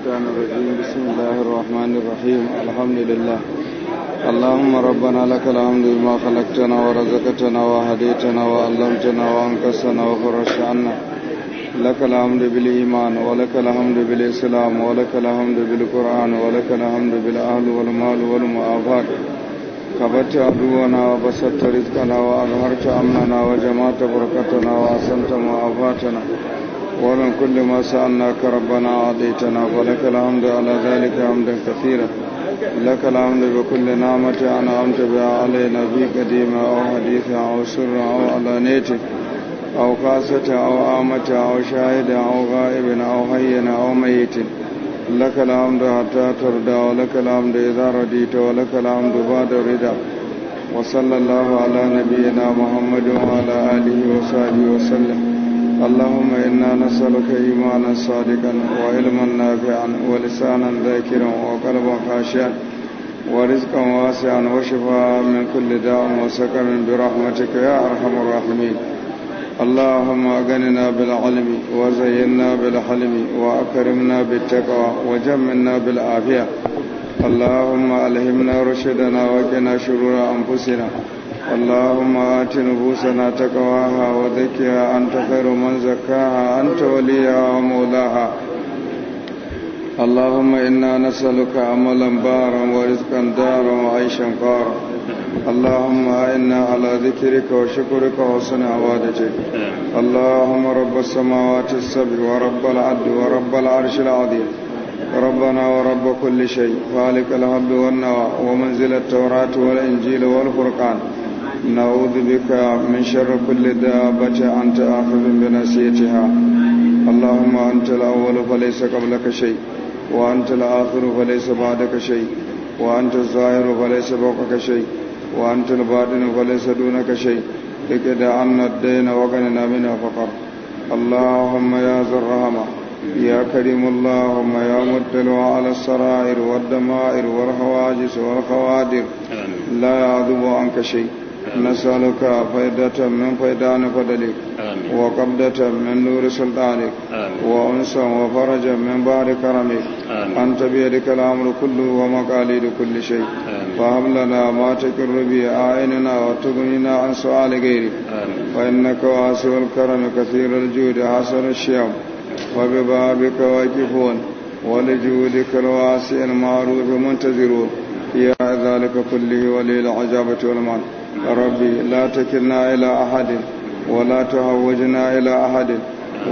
الشيطان الرجيم بسم الله الرحمن الرحيم الحمد لله اللهم ربنا لك الحمد بما خلقتنا ورزقتنا وهديتنا وعلمتنا وانقصنا وفرشتنا لك الحمد بالإيمان ولك الحمد بالإسلام ولك الحمد بالقرآن ولك الحمد بالأهل والمال والمعافاة كبت عدونا وبسطت رزقنا وأظهرت أمننا وجمعت بركتنا وأحسنت معافاتنا ومن كل ما سألناك ربنا أعطيتنا فلك الحمد على ذلك حمدا كثيرا لك الحمد بكل نعمة أنعمت بها علينا في قديمة أو حديثة أو سر أو علانية أو خاصة أو آمة أو شاهد أو غائب أو حي أو ميت لك الحمد حتى ترضى ولك الحمد إذا رضيت ولك الحمد بعد الرضا وصلى الله على نبينا محمد وعلى آله وصحبه وسلم اللهم إنا نسألك إيمانا صادقا وعلما نافعا ولسانا ذاكرا وقلبا خاشعا ورزقا واسعا وشفاء من كل داء وسكن برحمتك يا أرحم الراحمين اللهم أغننا بالعلم وزينا بالحلم وأكرمنا بالتقوى وجمنا بالعافية اللهم ألهمنا رشدنا وقنا شرور أنفسنا اللهم آت نفوسنا تقواها وزكها أنت خير من زكاها أنت وليها ومولاها اللهم إنا نسألك عملا بارا ورزقا دارا وعيشا قارا اللهم إنا على ذكرك وشكرك وحسن عبادتك اللهم رب السماوات السبع ورب العد ورب العرش العظيم ربنا ورب كل شيء خالق الحب والنوى ومنزل التوراة والإنجيل والفرقان نعوذ بك من شر كل دابة أنت آخذ بنسيتها اللهم أنت الأول فليس قبلك شيء وأنت الآخر فليس بعدك شيء وأنت الظاهر فليس فوقك شيء وأنت الباطن فليس دونك شيء اكد عنا الدين وقننا منها فقر اللهم يا ذا الرحمة يا كريم اللهم يا مطلع على السرائر والدمائر والحواجس والخوادر لا يعذب عنك شيء نسألك فائدة من فيضان فضلك وقبضة من نور سلطانك وأنسا وفرجا من بار كرمك أنت بيدك الأمر كله ومقاليد كل شيء فهب لنا ما تكر به أعيننا وتغنينا عن سؤال غيرك فإنك واسع الكرم كثير الجود حسن الشيم وببابك واقفون ولجودك الواسع المعروف منتظرون يا ذلك كله ولي العجابة والمن ربي لا تكلنا إلى أحد ولا تهوجنا إلى أحد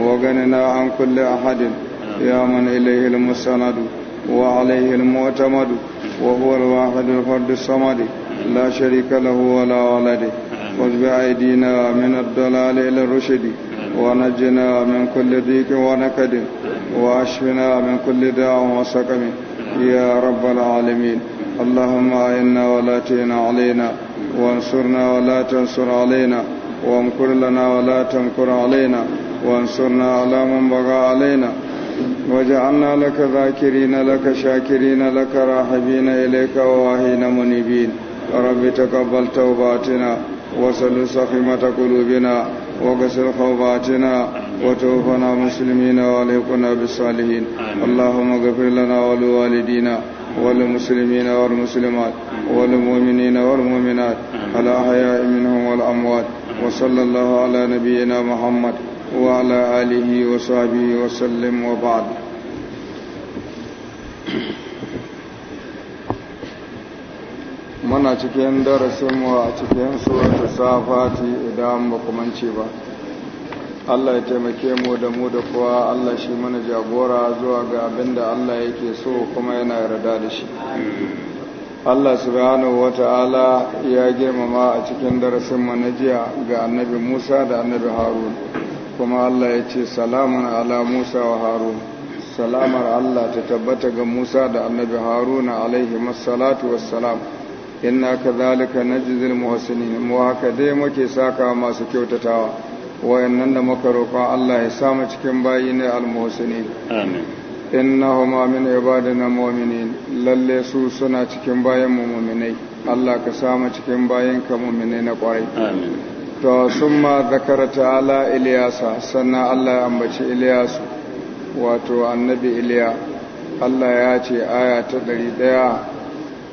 وغننا عن كل أحد يا من إليه المستند وعليه المعتمد وهو الواحد الفرد الصمد لا شريك له ولا ولد خذ بأيدينا من الضلال إلى الرشد ونجنا من كل ضيق ونكد وأشفنا من كل داء وسقم يا رب العالمين اللهم أعنا ولا تهن علينا وانصرنا ولا تنصر علينا وانكر لنا ولا تنكر علينا وانصرنا على من بغى علينا وجعلنا لك ذاكرين لك شاكرين لك راحبين إليك وواهين منيبين رب تقبل توباتنا وصل سخيمة قلوبنا وغسل خوباتنا وتوفنا مسلمين وعليقنا بالصالحين اللهم اغفر لنا ولوالدينا والمسلمين والمسلمات والمؤمنين والمؤمنات الأحياء منهم والأموات وصلى الله على نبينا محمد وعلى آله وصحبه وسلم وبعد muna cikin darasinmu a cikin suratul safati idan ba ku mance ba Allah ya taimake mu da mu da kowa Allah shi mana jagora zuwa ga abin da Allah yake so kuma yana yarda da shi Allah subhanahu ta'ala ya girmama a cikin darasin mu jiya ga annabi Musa da annabi Harun kuma Allah ya ce salamun ala Musa wa Harun salamar Allah ta tabbata ga Musa da annabi Haruna alaihi masallatu wassalam inna kadhalika najzil muhsinin mu haka dai muke saka masu kyautatawa wayannan da muka roƙa Allah ya samu cikin bayi ne almuhsini amin innahuma min ibadina mu'minin lalle su suna cikin bayan mu mu'minai Allah ka samu cikin bayan ka mu'minai na ƙwarai amin to summa zakara ta'ala Iliyasa sannan Allah ya ambaci Iliyasu wato annabi Iliya Allah ya ce aya ta 100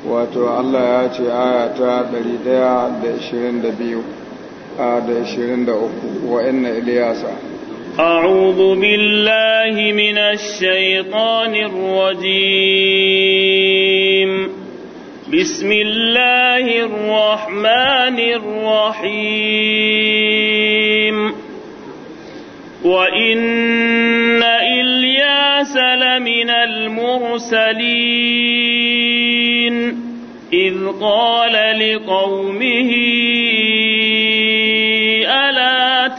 wato Allah ya ce aya ta 122 da آية 23 أعوذ بالله من الشيطان الرجيم بسم الله الرحمن الرحيم وإن إلياس لمن المرسلين إذ قال لقومه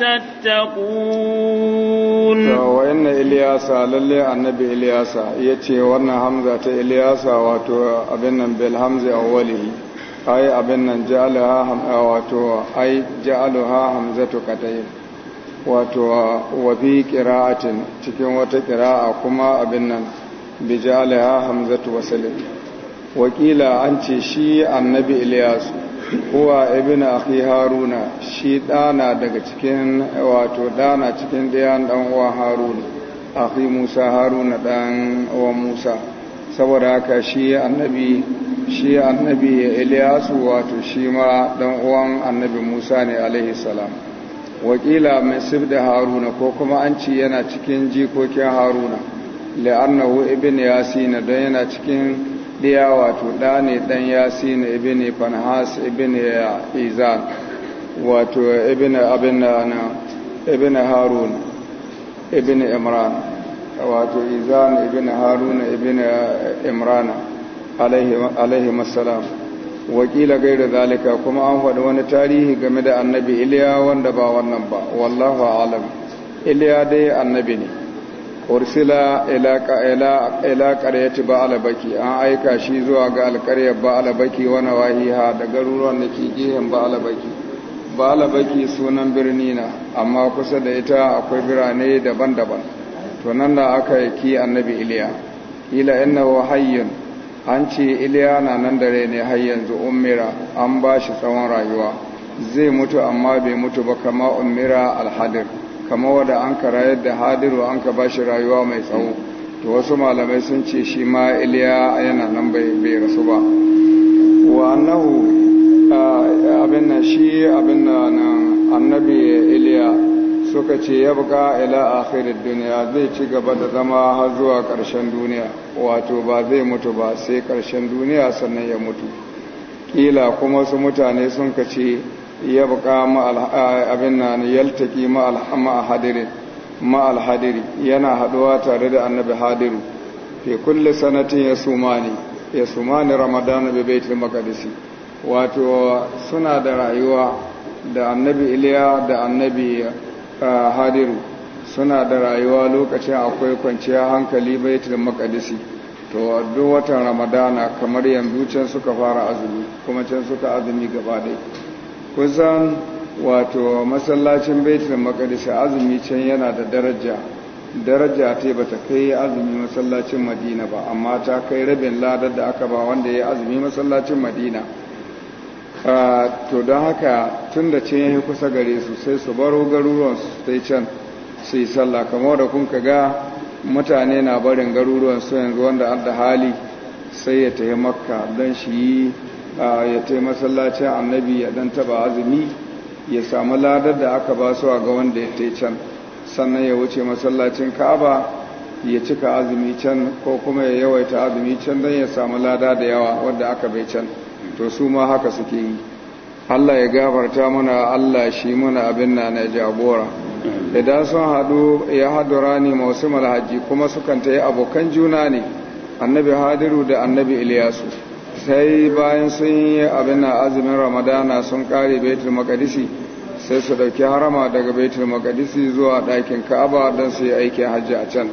تتقون وإن إلياس للي النبي إلياس يتي ورن حمزة إلياس واتو أبنا بالحمز أوله أي أبنا جعلها هم واتو أي جعلها حمزة كتير wato wa bi qira'atin cikin wata qira'a kuma abin nan bi ja'alaha hamzatu wasl wakila an ce shi annabi Ilyasu Uwa ibn akhi haruna shi dana daga cikin wato dana cikin ɗayan dan uwa haruna akhi musa haruna dan uwa musa saboda haka shi annabi shi annabi iliyasu wato shi ma dan uwan annabi musa ne alaihi salam wakila mai da haruna ko kuma an ci yana cikin jikokin haruna li'annahu ibn yasin don yana cikin ɗiya wato ɗa ne ɗan yasi na ibini fanhas ibini izan wato ibini abin na ibini harun ibini imran wato izan ibini harun ibini imran alaihi masalam wakila da zalika kuma an faɗi wani tarihi game da annabi iliya wanda ba wannan ba wallahu alam iliya dai annabi ne ursila ila ƙaryati ba'alabaki an aika shi zuwa ga alƙaryar ba'alabaki wani wahiha da garuruwan da ke gehen ba'alabaki ba'alabaki sunan birni na amma kusa da ita akwai birane daban-daban to nan da aka yi ki annabi iliya ila innahu hayyun an ce iliya na nan dare ne har yanzu ummira an ba shi tsawon rayuwa zai mutu amma bai mutu ba kama ummira alhadir kamar wadda an ka rayar da hadiru an ka bashi rayuwa mai tsawo to wasu malamai sun ce shi ma iliya yana nan bai rasu ba wa abin na shi abin nan annabi iliya suka ce ya buka ila akhirin duniya zai ci gaba da zama har zuwa ƙarshen duniya wato ba zai mutu ba sai ƙarshen duniya sannan ya mutu ƙila kuma su mutane sun ka ce ya buka abin nan yaltaki ma'al yana haduwa tare da annabi hadiru fi kulle sanatin ya sumani ya sumani ramadana bai baitul makadisi wato suna da rayuwa da annabi iliya da annabi hadiru suna da rayuwa lokacin akwai kwanciya hankali baitul makadisi to duk watan ramadana kamar yanzu can suka fara azumi kuma can suka azumi gaba dai kusan wato masallacin baitul maqdis azumi can yana da daraja daraja ta ba ta kai azumi masallacin madina ba amma ta kai rabin ladar da aka ba wanda ya azumi masallacin madina to don haka tun da can yi kusa gare su sai su baro garuruwan su tai can su yi sallah kamar da kun ga mutane na barin garuruwan su yanzu wanda an da hali sai ya tafi makka don shi ya tai masallacin annabi ya dan taba azumi ya samu ladar da aka ba su a ga wanda ya tai can sannan ya wuce masallacin ka'aba ya cika azumi can ko kuma ya yawaita azumi can don ya samu lada da yawa wanda aka bai can to su ma haka suke yi Allah ya gafarta mana Allah shi mana abin na na jagora idan sun haɗu ya haɗu ne masu malhaji kuma sukan ta abokan juna ne annabi hadiru da annabi iliyasu sai bayan sun yi abin na azumin ramadana sun kare baitul makadisi sai su dauki harama daga baitul makadisi zuwa ɗakin ka'aba don su yi aikin hajji a can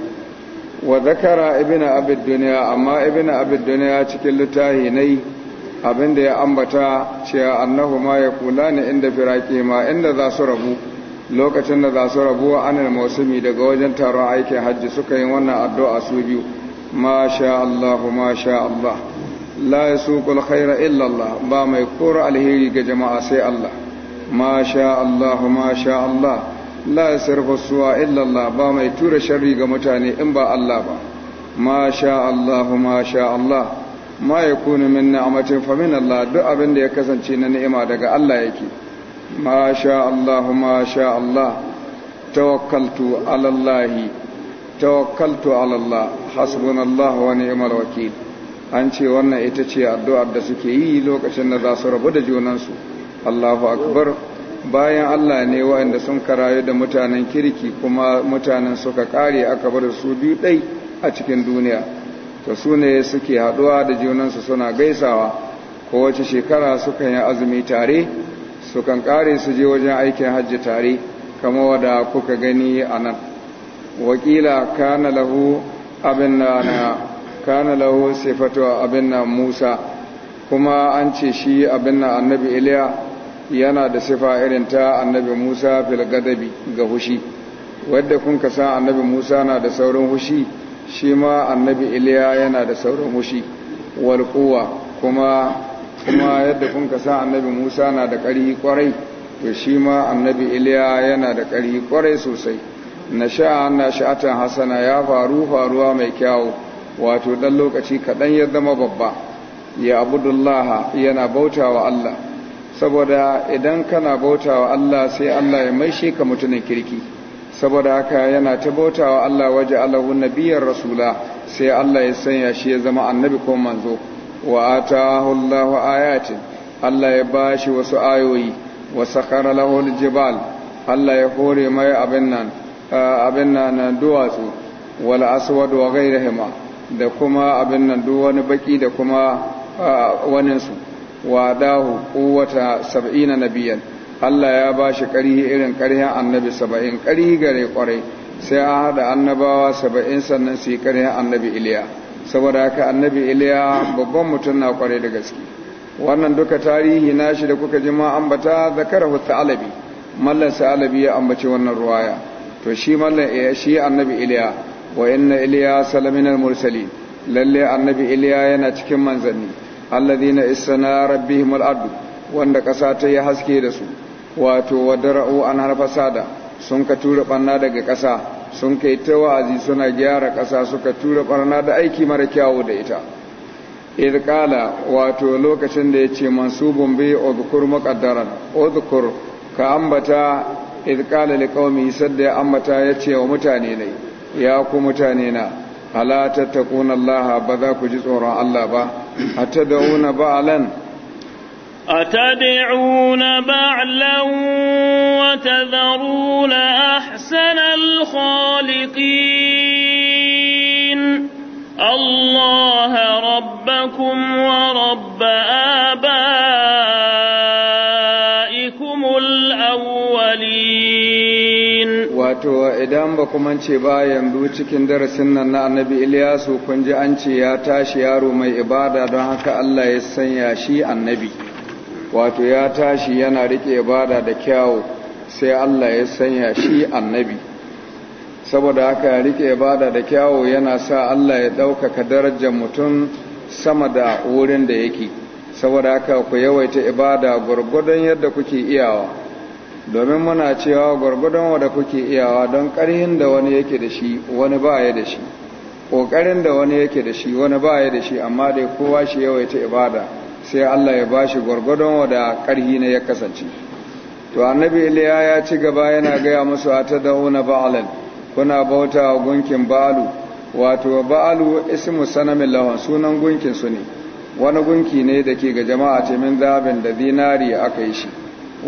wa zakara ibina abid duniya amma Ibina abid duniya cikin littahi nai abin da ya ambata cewa annahu ma ya kula ne inda firaki ma inda za su rabu lokacin da za su rabu wa anil mausumi daga wajen taron aikin hajji suka yi wannan addu'a su biyu ma sha Allah Allah la yasuqul khaira illa Allah ba mai kora alheri ga jama'a sai Allah ma sha Allah ma Allah la yasrifu su'a illa ba mai tura sharri ga mutane in ba Allah ba ma sha Allah Allah ma yakunu min ni'matin fa min Allah duk abin da ya kasance na ni'ima daga Allah yake ma sha Allah ma sha Allah tawakkaltu ala Allah tawakkaltu ala an ce wannan ita ce addu'ar da suke yi lokacin da za su rabu da junansu Allahu akbar bayan Allah ne waɗanda sun karayu da mutanen kirki kuma mutanen suka kare aka bar su biyu ɗai a cikin duniya ta su ne suke haɗuwa da junansu suna gaisawa kowace shekara suka yi azumi tare sukan kare su je wajen aikin hajji tare kama wada kuka gani a nan wakila kana lahu abin na kana lahu sifatu abin nan Musa kuma an ce shi abin nan annabi Iliya yana da sifa irin ta annabi Musa fil gadabi ga hushi wanda kun ka san annabi Musa na da saurin hushi shi ma annabi Iliya yana da saurin hushi wal quwa kuma kuma yadda kun ka san annabi Musa na da ƙarfi kwarai to shi ma annabi Iliya yana da ƙarfi kwarai sosai nasha'a nasha'atan hasana ya faru faruwa mai kyau wato dan lokaci kaɗan ya zama babba ya abudullaha yana bauta wa Allah saboda idan kana bauta wa Allah sai Allah ya maishe ka mutumin kirki saboda haka yana ta bauta wa Allah waje alahu nabiyar rasula sai Allah ya sanya shi ya zama annabi ko manzo wa atahu Allahu ayatin Allah ya bashi wasu ayoyi wa sakhara lahu aljibal Allah ya hore mai abin nan abin nan duwatsu wal aswad wa ghayrihima da kuma abin nan duk wani baki da kuma waninsu wa dahu kowata saba'ina nabiyan Allah ya ba shi ƙarhi irin ƙarhin annabi saba'in ƙarhi gare ƙwarai sai an haɗa annabawa saba'in sannan su yi ƙarhin annabi iliya saboda haka annabi iliya babban mutum na ƙwarai da gaske wannan duka tarihi shi da kuka ji ma zakara zakarahu alabi. mallan alabi ya ambaci wannan ruwaya to shi mallan eh, shi annabi iliya wa inna mursali lallai mursali lalle annabi iliya yana cikin manzanni alladhina isana rabbihimul ardu wanda kasa ta yi haske da su wato wadara'u an harfasada sun ka tura barna daga kasa sun kai ta wa'azi suna gyara kasa suka tura barna da aiki mara kyawu da ita idh qala wato lokacin da yace mansubun bi udhkur muqaddaran udhkur ka ambata idh qala liqaumi sadda ambata yace wa mutane ne ya ku mutane na ala tattaquna Allah ba za ku ji tsoron Allah ba atad'una ba'lan أتدعون بعلا وتذرون أحسن الخالقين الله ربكم ورب آخر wato idan ba kuma ce ba yanzu cikin darasin nan na annabi Iliyasu kun ji an ce ya tashi yaro mai ibada don haka Allah ya sanya shi annabi wato ya tashi yana rike ibada da kyawu sai Allah ya sanya shi annabi saboda haka rike ibada da kyawu yana sa Allah ya ɗaukaka darajar mutum sama da wurin da yake saboda haka ku yawaita ibada gwargwadon yadda kuke iyawa domin muna cewa gwargwadon da kuke iyawa don ƙarhin da wani yake da shi wani ba ya da shi ƙoƙarin da wani yake da shi wani ba ya da shi amma dai kowa shi yawaita ibada sai Allah ya ba bashi gwargwadon da ƙarhi ne ya kasance to annabi Iliya ya ci gaba yana gaya musu a ta dauna Ba'alin kuna bauta gunkin ba'alu wato ba'alu ismu sanamin lahon sunan gunkin su ne wani gunki ne da ke ga jama'a cimin min zabin da zinari aka yi shi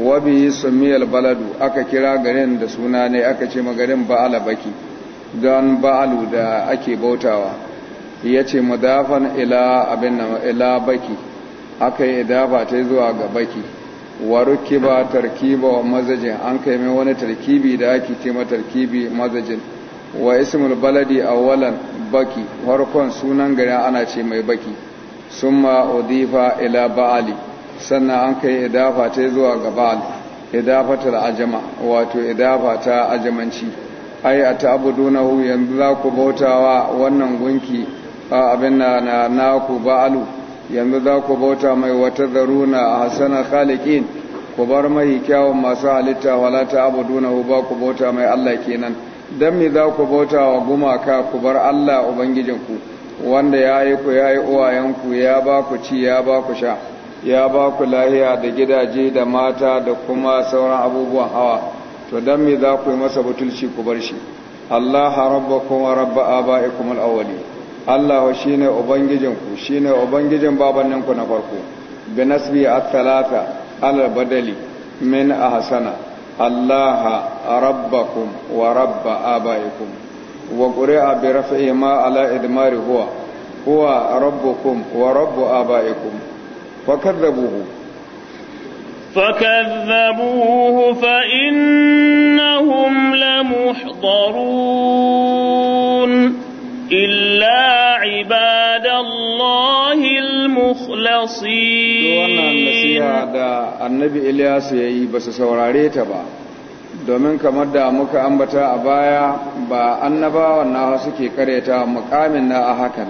wabi sumiyal baladu aka kira garin da suna ne aka ce magarin ba'ala baki don ba'alu da ake bautawa ya ce mudafan ila abin ila baki aka yi idafa ta zuwa ga baki wa rukiba tarkiba wa mazajin an kai mai wani tarkibi da ake ce ma mazajin wa ismul baladi awwalan baki farkon sunan gari ana ce mai baki summa udifa ila ba'ali sannan an kai idafa ta zuwa gabal idafatar ajama wato idafa ta ajamanci ai a ta'budunahu yanzu za ku bautawa wannan gunki abin na naku ba'alu yanzu za ku bauta mai wata zaruna a hasana khalikin ku bar mai kyawun masu halitta wala ta'budunahu ba ku bauta mai Allah kenan dan mi za ku bauta wa gumaka ku bar Allah ubangijinku wanda ya yi ku ya yi uwayenku ya ba ku ci ya ba ku sha ya ba ku lahiya da gidaje da mata da kuma sauran abubuwan hawa to don me za ku yi masa butulci ku bar shi Allah rabba kuma rabba aba'ikum al-awwali Allah shine ubangijinku shine ubangijin babanninku na farko bi nasbi at-talata ala badali min ahsana Allah rabbakum wa rabba aba'ikum wa qur'a bi rafi'i ma ala idmari huwa huwa rabbukum wa rabbu aba'ikum فكذبوه فكذبوه فإنهم لمحضرون إلا عباد الله المخلصين wannan nasiha da annabi Ilyas ya yi ba su saurare ta ba domin kamar da muka ambata a baya ba annabawan na suke kareta mukamin na a hakan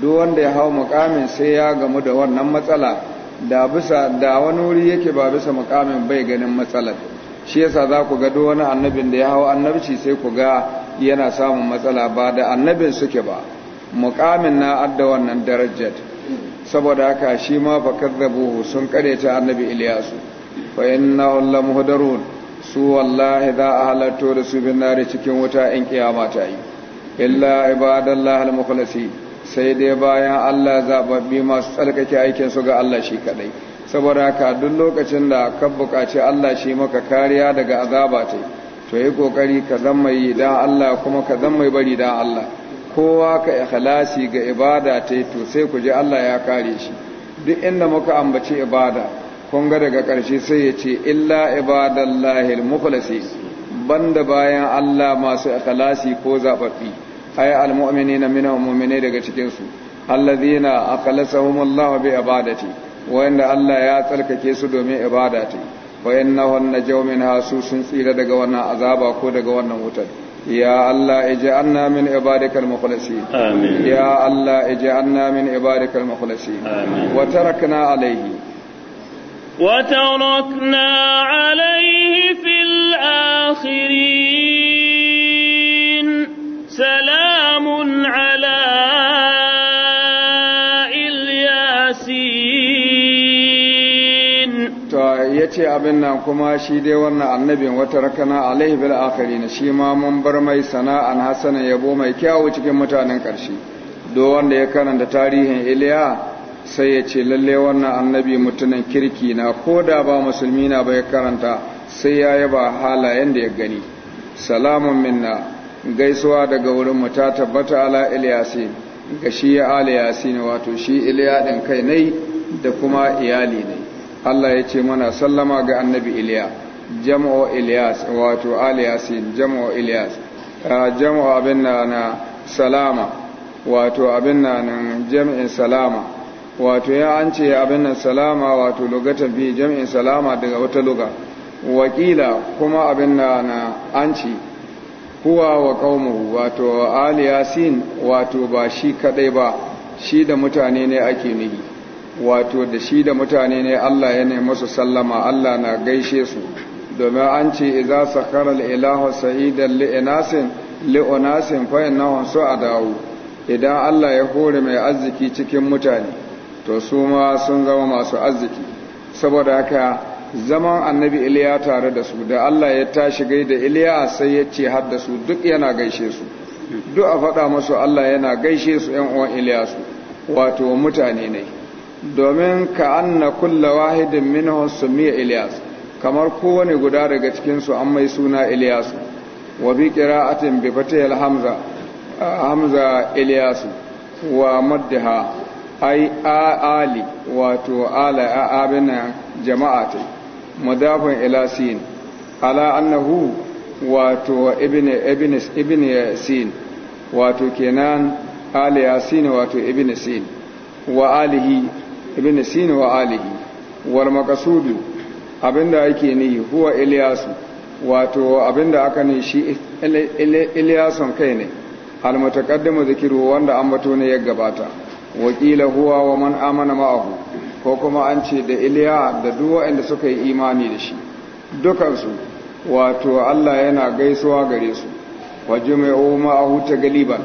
duk wanda ya hau mukamin sai ya gamu da wannan matsala da bisa da wani wuri yake ba bisa mukamin bai ganin matsalar shi yasa za ku ga duk wani annabin da ya hau annabci sai ku ga yana samun matsala ba da annabin suke ba mukamin na adda wannan darajar saboda haka shi ma fa kadzabuhu sun ta annabi Ilyasu fa innahu lamuhdarun su wallahi za a halatto da su bin cikin wuta in kiyama ta yi illa ibadallahi al-mukhlasin sai dai bayan Allah zababbi masu tsarkake su ga Allah shi kadai saboda haka duk lokacin da ka buƙaci Allah shi maka kariya daga azaba ta to yi kokari ka zama yi da Allah kuma ka zama yi bari da Allah kowa ka ikhlasi ga ibada ta to sai ku ji Allah ya kare shi duk inda muka ambaci ibada kun ga daga ƙarshe sai ya ce illa ibadallahi al banda bayan Allah masu ikhlasi ko zababbi ay almu'minina minhum mu'minai daga cikin su alladhina akhlasahum Allah bi ibadati wanda Allah ya tsarkake su domin ibadati wa innahu najaw minha su sun tsira daga wannan azaba ko daga wannan wutar Ya يا الله اجعلنا من عبادك المخلصين آمين يا الله اجعلنا من عبادك المخلصين آمين وتركنا عليه وتركنا عليه في الآخرين abin nan kuma shi dai wannan annabin wata rakana alaihi bil akhirin shi ma mun bar mai sana'an hasana yabo mai kyawu cikin mutanen karshe do wanda ya karanta tarihin Iliya sai ya ce lalle wannan annabi mutunan kirki na koda ba musulmi na ba ya karanta sai ya yaba halayen da ya gani salamun minna gaisuwa daga wurin mu ta tabbata ala Ilyasin ga shi ya ala Yasin wato shi Iliya din kai nai da kuma iyali ne Allah ya ce mana sallama ga annabi Iliya jama'o Iliyas wato aliyasin jama'o Iliyas ah, jama'o abin na na salama wato abin na nan jami'in salama wato ya an ce abin nan salama wato lugatan bi Jami'in salama daga wata luga wakila kuma abin na na an ce huwa wa kaumu wato aliyasin wato ba shi kadai ba shi da mutane ne ake nihi wato da shi da mutane ne Allah ya nemi su sallama Allah na gaishe su domin an ce idza sakara al-ilahu sa'idan fayin na wasu a dawo idan Allah ya hore mai arziki cikin mutane to su ma sun zama masu arziki saboda haka zaman annabi Iliya tare da su da Allah ya tashi da Iliya sai ya ce har da su duk yana gaishe su duk a faɗa masu Allah yana gaishe su 'yan uwan su wato mutane ne domin ka anna kulla wahidin minhum sumiya Ilyas kamar kowane guda daga cikin su an mai suna Ilyas wa bi qira'atin bi fatihil hamza hamza Ilyas wa maddaha ai ali wato ala abina jama'ati mudafun ila sin ala annahu wato ibn ibn ibn yasin wato kenan ali yasin wato ibn sin wa alihi ibn sin wa alihi wal maqsudu abinda ake nihi huwa ilyas wato abinda aka ne shi ilyasun kai ne al mutaqaddimu zikiru wanda ambato ne ya gabata wakila huwa wa man amana ma'ahu ko kuma an ce da ilya da duk waɗanda suka yi imani da shi dukansu wato Allah yana gaisuwa gare su wa jami'u ma'ahu ta galiban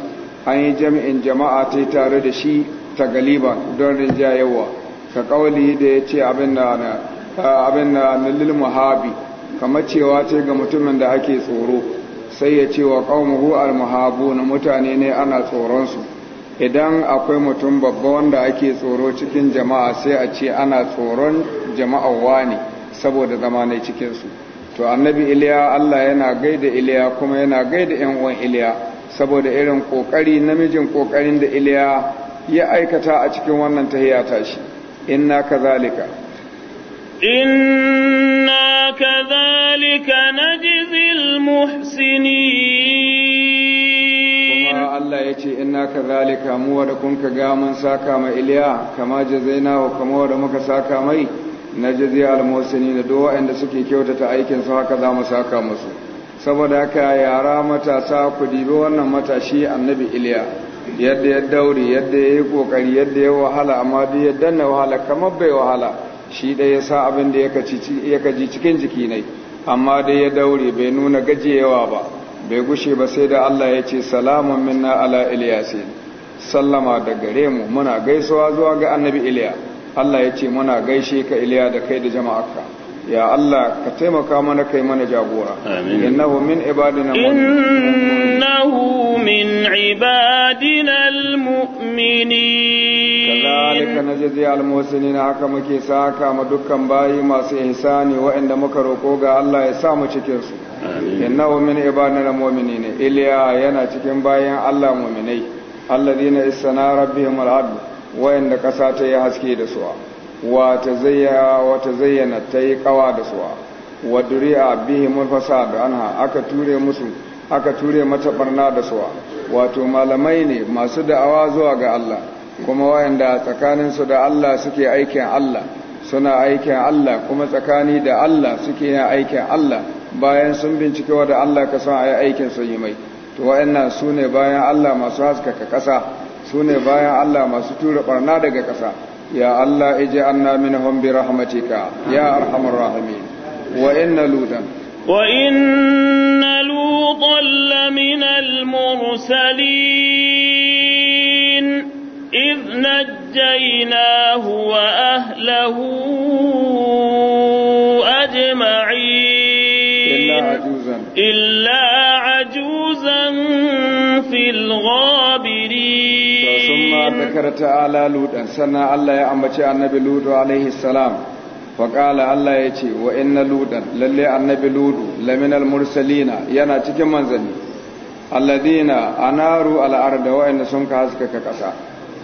an yi jami'in jama'a ta tare da shi ta galiban don rinjayewa ka kauli da ya ce abin da nilil muhabi kamar cewa ce ga mutumin da ake tsoro sai ya ce wa ƙaunuhu al-muhabu na mutane ne ana tsoronsu idan akwai mutum babba wanda ake tsoro cikin jama'a sai a ce ana tsoron jama'awa ne saboda zama ne cikinsu to annabi iliya allah yana gaida iliya kuma yana gaida yan uwan iliya saboda irin kokari namijin kokarin da iliya ya aikata a cikin wannan tahiya shi. inna kazalika inna kazalika zil muhsinin kuma Allah ya ce inna kazalika mu wanda kun ka ga mun saka ma Iliya kama jazaina wa kama wanda muka saka mai najzi al muhsinin da waɗanda suke kyautata aikin su haka za mu saka masu, saboda haka yara matasa ku dibi wannan matashi annabi Iliya yadda ya daure yadda ya yi kokari yadda ya wahala amma duk ya danna wahala kamar bai wahala shi dai ya sa abin da ya kaji cikin jiki ne amma dai ya daure bai nuna gajiyawa ba bai gushe ba sai da Allah ya ce salamun minna ala ilyasin sallama da gare mu muna gaisuwa zuwa ga annabi iliya Allah ya ce muna gaishe ka iliya da kai da jama'arka ya Allah ka taimaka mana kai mana jagora innahu min ibadina innahu min ibadina almu'minin kadhalika najzi almuhsinin haka muke saka ma dukkan bayi masu ihsani wayanda muka roko ga Allah ya sa mu cikin su innahu min ibadina almu'minin iliya yana cikin bayan Allah mu'minai alladhina isana rabbihim al'adl wayanda ƙasa ta yi haske da su'a wata zayyana ta yi kawa da suwa wa duriya bihi mulfasa da anha aka ture musu aka ture mata barna da suwa wato malamai ne masu da'awa zuwa ga Allah kuma wayanda tsakaninsu da Allah suke aikin Allah suna aikin Allah kuma tsakani da Allah suke yin aikin Allah bayan sun bincike wa da Allah ka san ayi aikin sun yi mai to wayannan sune bayan Allah masu haskaka ƙasa sune bayan Allah masu tura barna daga ƙasa يا الله اجعلنا منهم برحمتك يا أرحم الراحمين وإن لوطا وإن لوطا لمن المرسلين إذ نجيناه وأهله zakara ludan sannan Allah ya ambaci annabi ludu alaihi salam faƙala Allah ya ce wa inna ludan lalle annabi ludu laminal mursalina yana cikin manzanni alladina anaru al'arda wa'anda sun ka haskaka kasa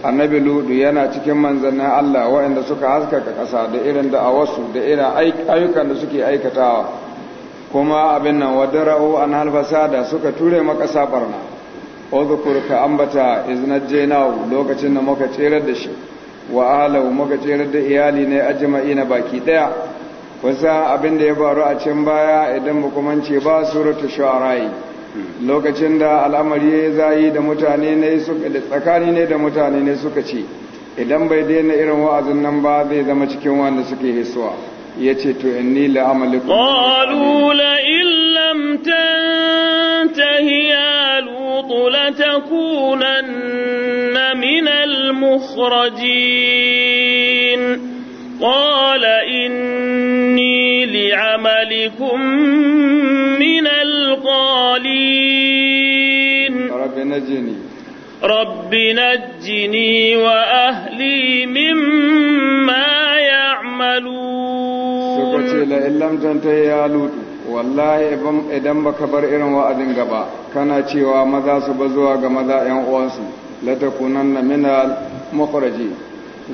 annabi ludu yana cikin manzannin Allah wa'anda suka haskaka kasa da irin da a wasu da irin ayyukan da suke aikatawa kuma abin nan wadara'u an halfasa da suka ture maka barna uzkur ka ambata wu lokacin da muka tserar da shi wa ahlahu muka tserar da iyali ne na baki daya kusa abin da ya faru a can baya idan ce ba suratu shu'ara lokacin da al'amari ya zayi da mutane ne suka da tsakani ne da mutane ne suka ce idan bai daina irin wa'azin nan ba zai zama cikin wanda suke hisuwa yace to inni la amalikum qalu la illam tantahiya لتكونن من المخرجين قال إني لعملكم من القالين رب نجني رب نجني وأهلي مما يعملون سكتي لئن لم تنتهي يا لوط wallahi idan baka bar irin wa'azin gaba kana cewa maza su ba zuwa ga maza yan uwansu latakunan na minal makwaraji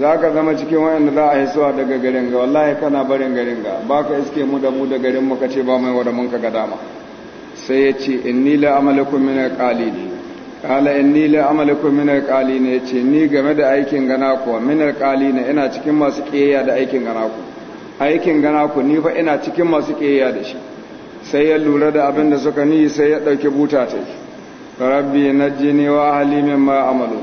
za ka zama cikin wayanda za a hisuwa daga garin ga wallahi kana barin garin ga ba ka iske mu da mu da garin muka ce ba mai wada mun ka dama sai ya ce inni la amalakum min alqalili qala inni la amalakum min alqalili ya ce ni game da aikin gana ku kali ne ina cikin masu kiyaya da aikin gana ku aikin gana ku ni fa ina cikin masu kiyaya da shi sai ya lura da abin da suka ni sai ya ɗauki buta ta yi rabbi na jini wa halimin ma amalu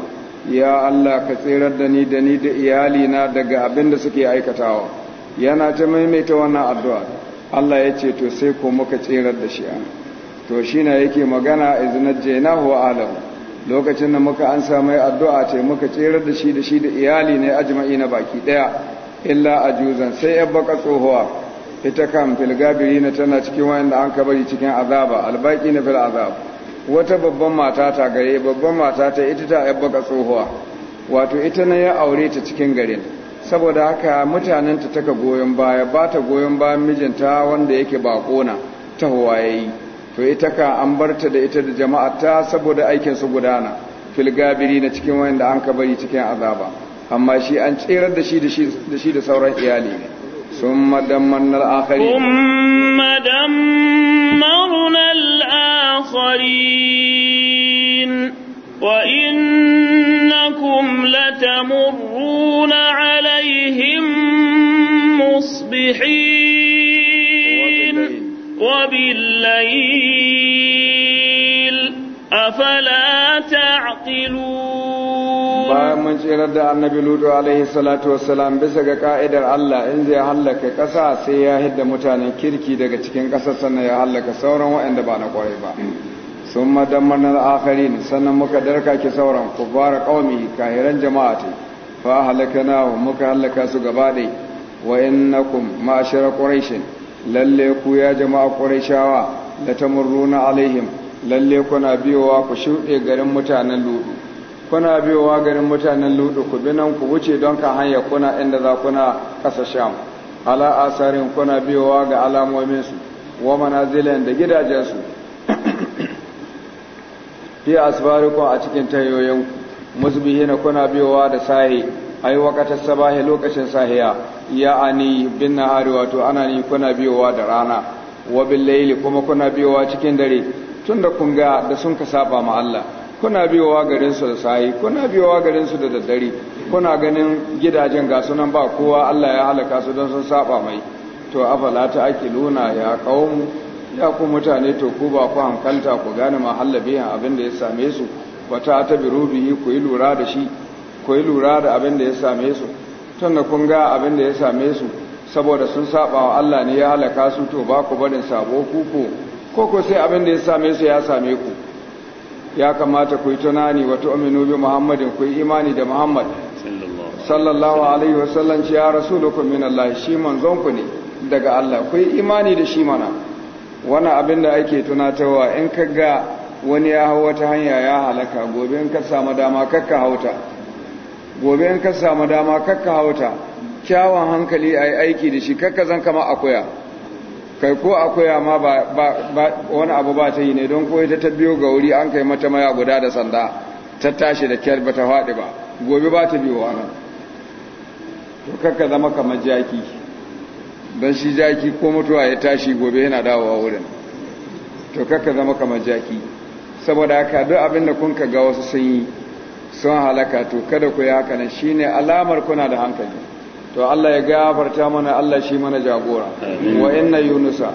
ya Allah ka tsirar da ni da ni da iyalina daga abin da suke aikatawa yana ta maimaita wannan addu'a Allah ya ce to sai ko muka tsirar da shi to shi na yake magana jena wa alamu lokacin da muka an samai addu'a ce muka tsirar da shi da shi da iyali ne ajma'i na baki ɗaya illa ajuzan sai ya baka tsohuwa ita kan filgabiri na tana cikin wanda an ka bari cikin azaba albaki na fil azab wata babban mata ta gare babban mata ta ita ta yabbaka tsohuwa wato ita na ya aure ta cikin garin saboda haka mutanen ta taka goyon baya ba ta goyon bayan mijinta wanda yake bakona ta huwaye to ita ka an barta da ita da jama'a ta saboda aikin su gudana filgabiri na cikin wanda an ka bari cikin azaba amma shi an tserar da shi da shi da sauran iyali ne ثم دمرنا الآخرين ثم دمرنا الآخرين وإنكم لتمرون عليهم مصبحين وبالليل أفلا تعقلون bayan mun tsirar da annabi lutu alaihi salatu wasalam bisa ga ka'idar Allah in zai hallaka ƙasa sai ya hidda mutanen kirki daga cikin ƙasar sannan ya hallaka sauran waɗanda ba na kwarai ba sun madammanar akharin sannan muka darka ki sauran kubbara qaumi kahiran jama'a ce fa muka halaka su gaba dai wa innakum ma'ashara quraish lalle ku ya jama'a quraishawa latamurruna alaihim lalle kuna biyowa ku shuɗe garin mutanen ludu. kuna biyowa garin mutanen ludu ku bi nan ku wuce don ka hanya kuna inda za kuna ƙasa sham ala asarin kuna biyowa ga alamomin su wa manazilan da gidajen su fi asbarikun a cikin tayoyin na kuna biyowa da sahi ai wakata sabahi lokacin sahiya ya ani bin nahari wato ana ni kuna biyowa da rana wa bil layli kuma kuna biyowa cikin dare tunda kun ga da sun ka saba ma Allah kuna biyowa garinsu da sayi kuna biyowa garinsu da daddare kuna ganin gidajen ga sunan ba kowa Allah ya halaka su don sun saba mai to afala ta ake luna ya kawo ya ku mutane to ku ba ku hankalta ku gane mahallabiyan abin da ya same su wata ta rubi ku yi lura da shi ku yi lura da abin da ya same su tun da kun ga abin da ya same su saboda sun saba wa Allah ne ya halaka su to ba ku barin sabo ku ko ko sai abin da ya same su ya same ku ya kamata ku yi tunani wa tu'minu bi muhammadin ku yi imani da muhammad sallallahu alaihi wa ce ya rasulukum min allah shi manzon ku ne daga allah ku yi imani da shi mana wannan abin da ake tunatarwa in ka ga wani ya hau wata hanya ya halaka gobe in ka samu dama kakka hauta gobe in ka samu dama kakka hauta kyawun hankali a yi aiki da shi kakka zan kama akuya kai ko akwai amma ba wani abu ba ta yi ne don koyi ta tabbiyo ga wuri an kai mata maya guda da sanda ta tashi da kyar ba ta faɗi ba gobe ba ta biyo nan to kakka zama kamar jaki don shi jaki ko mutuwa ya tashi gobe yana dawowa wurin to kakka zama kamar jaki saboda haka duk abin da kun ga wasu sun yi sun halaka to kada ku yi haka nan shine alamar kuna da hankali to Allah ya gafarta mana Allah shi mana jagora wa inna yunusa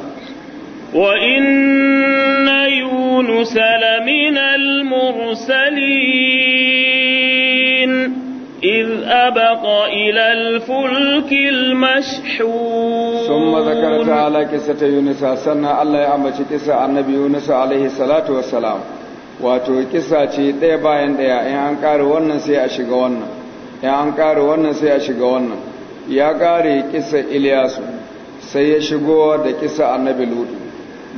wa inna yunusa laminal mursalin إذ أبق إلى الفلك المشحون ثم ذكر تعالى قصة يونس سنة الله يعمل قصة النبي يونس عليه الصلاة والسلام wato kisa ce ɗaya bayan ɗaya in an ƙara wannan sai a shiga wannan in an ƙara wannan sai a shiga wannan ya ƙare kisa Ilyasu sai ya shigo da kisa annabi Lutu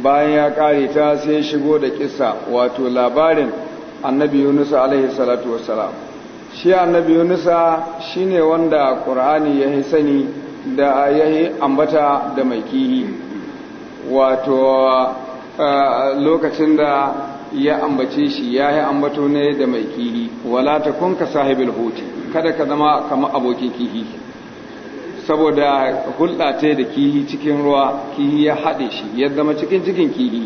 bayan ya kare ta sai ya shigo da kisa wato labarin annabi Yunus alaihi salatu wassalam shi annabi Yunus shine wanda Qur'ani ya yi sani da yi ambata da mai kihi wato uh, lokacin da ya ambace shi ya yi ambato ne da mai kihi wala ta kunka sahibul huti kada ka zama kamar abokin kihi saboda hulɗa ce da kihi cikin ruwa kihi ya haɗe shi ya zama cikin cikin kihi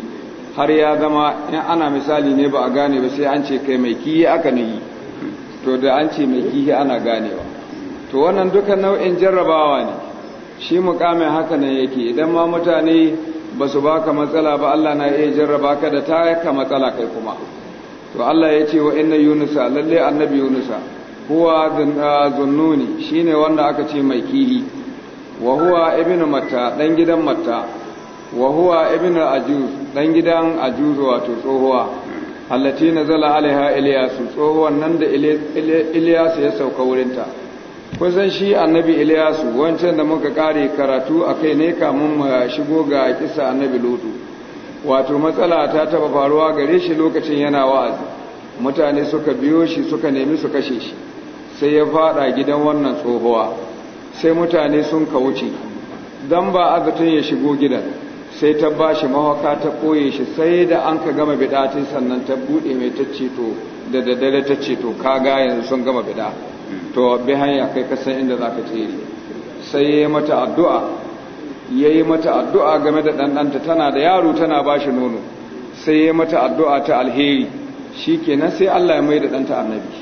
har ya zama in ana misali ne ba a gane ba sai an ce kai mai kihi aka nuyi to da an ce mai kihi ana ganewa to wannan duka nau'in jarrabawa ne shi mukamin haka nan yake idan ma mutane ba su baka matsala ba Allah na iya jarraba ka da ta yaka matsala kai kuma to Allah ya ce wa inna yunusa lalle annabi yunusa huwa ah, zunnuni shine wanda aka ce mai kihi wa huwa ibnu matta dan gidan matta wa huwa ibnu ajuz dan gidan ajuz wato tsohuwa allati nazala alaiha Iliyasu tsohuwan nan da ilyasu ya sauka wurinta kusan shi annabi ilyasu wancan da muka kare karatu a kai ne kamun mu shigo ga kisa annabi lutu wato matsala ta taba faruwa gare shi lokacin yana wa'azi mutane suka biyo shi suka nemi su kashe shi sai ya fada gidan wannan tsohuwa sai mutane sun ka wuce don ba azatun ya shigo gidan sai ta bashi mahauka ta koye shi sai da an ka gama bida sannan ta bude mai ta ceto da daddare ta ceto ka ga yanzu sun gama bida to bi hanya kai ka san inda ka tsere sai yi mata addu'a yi mata addu'a game da ɗanɗanta tana da yaro tana bashi nono sai ya yi mata addu'a ta alheri shi kenan sai Allah ya mai da ɗanta annabi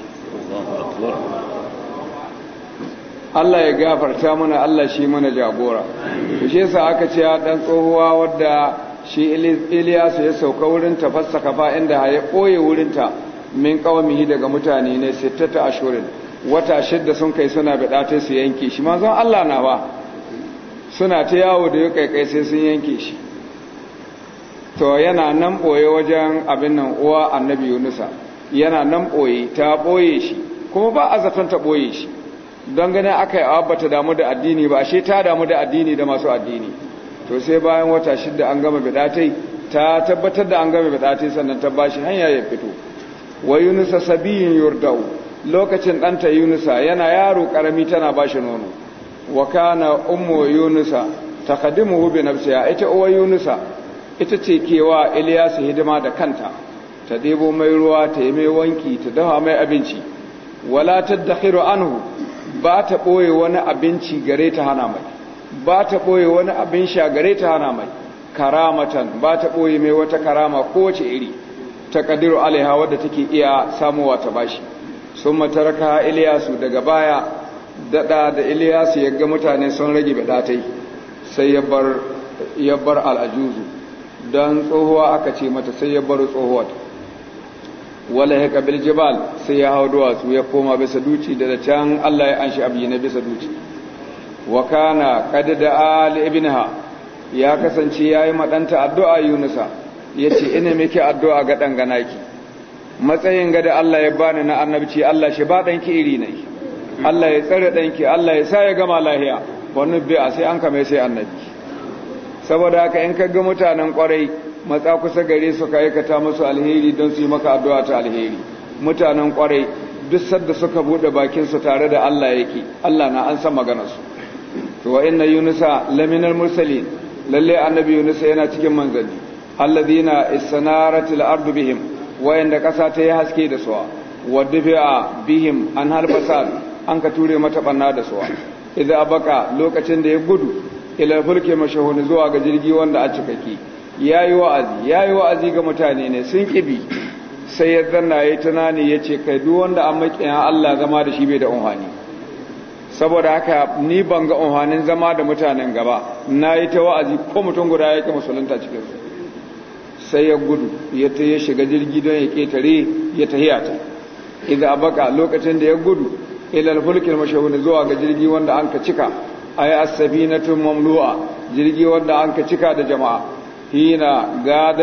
Allah ya gafarta mana Allah shi mana jagora shi yasa aka ce dan tsohuwa wadda shi Iliyasu ya sauka wurin ta fassaka fa inda ya koye wurin ta min qawmihi daga mutane ne sittata ashurin wata shidda sun kai suna bada ta su yanke shi manzon Allah na ba suna ta yawo da yake kai sai sun yanke shi to yana nan boye wajen abin nan uwa annabi Yunusa yana nan boye ta boye shi kuma ba azatan zaton ta boye shi don ganin aka yi awa bata damu da addini ba ashe ta damu da addini da masu addini to sai bayan wata shidda an gama bidatai ta tabbatar da an gama bidatai sannan ta bashi hanya ya fito wa yunusa sabiyin yurdau lokacin ɗanta yunusa yana yaro ƙarami tana bashi nono wa kana ummu yunusa takadimuhu bi nafsiha ita uwa yunusa ita ce kewa iliyas hidima da kanta ta debo mai ruwa ta yi mai wanki ta dafa mai abinci wala ta tadakhiru anhu ba ta ɓoye wani abinci gare ta hana mai ba ta ɓoye wani abin sha gare ta hana mai karamatan ba ta ɓoye mai wata karama kowace iri ta ƙadiru alaiha wadda take iya samuwa ta bashi sun mataraka iliyasu daga baya daɗa da iliyasu ya ga mutane sun rage baɗatai sai ya bar al'ajuzu don tsohuwa aka ce mata sai ya bar tsohuwa wala haka bil jibal sai ya hau duwatsu ya koma bisa duci da can Allah ya anshi abiyi na bisa duci wa kana Ali da'a li ya kasance yayi madanta addu'a yunusa yace ina miki addu'a ga ganaki? matsayin ga da Allah ya bani na annabci Allah shi ba danki iri ne Allah ya tsare danki Allah ya sa ya gama lahiya wannan bai sai an kame sai annabi saboda haka in ka ga mutanen kwarai matsa kusa gare su ka aikata musu alheri don su yi maka addu'a ta alheri mutanen kwarai duk sadda suka bude bakin su tare da Allah yake Allah na an san maganar su to wa inna yunusa laminal mursalin lalle annabi yunusa yana cikin manzanni alladhina isanaratil ardu bihim wayanda kasa ta yi haske da suwa wa bihim an halfasad an ka ture mata banna da suwa idan abaka lokacin da ya gudu ila fulke zuwa ga jirgi wanda a cikake ya yi wa'azi ya yi wa'azi ga mutane ne sun ƙibi sai ya zanna ya yi tunani ya ce kai duk wanda an maƙiya Allah zama da shi bai da unhani saboda haka ni ban ga unhanin zama da mutanen gaba na yi ta wa'azi ko mutum guda ya ke musulunta cikinsu sai ya gudu ya ta ya shiga jirgi don ya ƙetare ya ta hiyata idan baka lokacin da ya gudu ilal fulkin mashahuni zuwa ga jirgi wanda an ka cika a yi tun mamlu'a jirgi wanda an ka cika da jama'a hina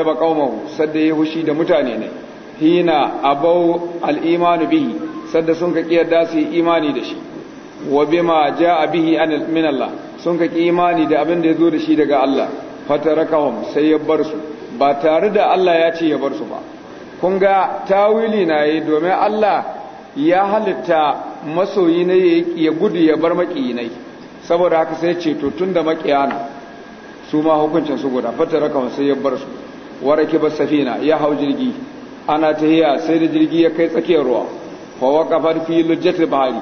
ba kaumahu sadda ya hushi da mutane ne hina abau al’imanu bihi sadda sun ka yadda su yi imani da shi wa bima a bihi min Allah sun ka imani da abin da ya zo da shi daga Allah fatarakahum sai ya bar su ba tare da Allah ya ce ya bar su ba kun ga tawili na yi domin Allah ya halitta masoyi na ya gudu ya bar maƙiyinai saboda haka sai ce to tun da maƙiyana su ma hukuncin su guda fatar raka sai ya bar su warake ba safina ya hau jirgi ana tahiya sai da jirgi ya kai tsakiyar ruwa fa waqafa fi lujjatil bahari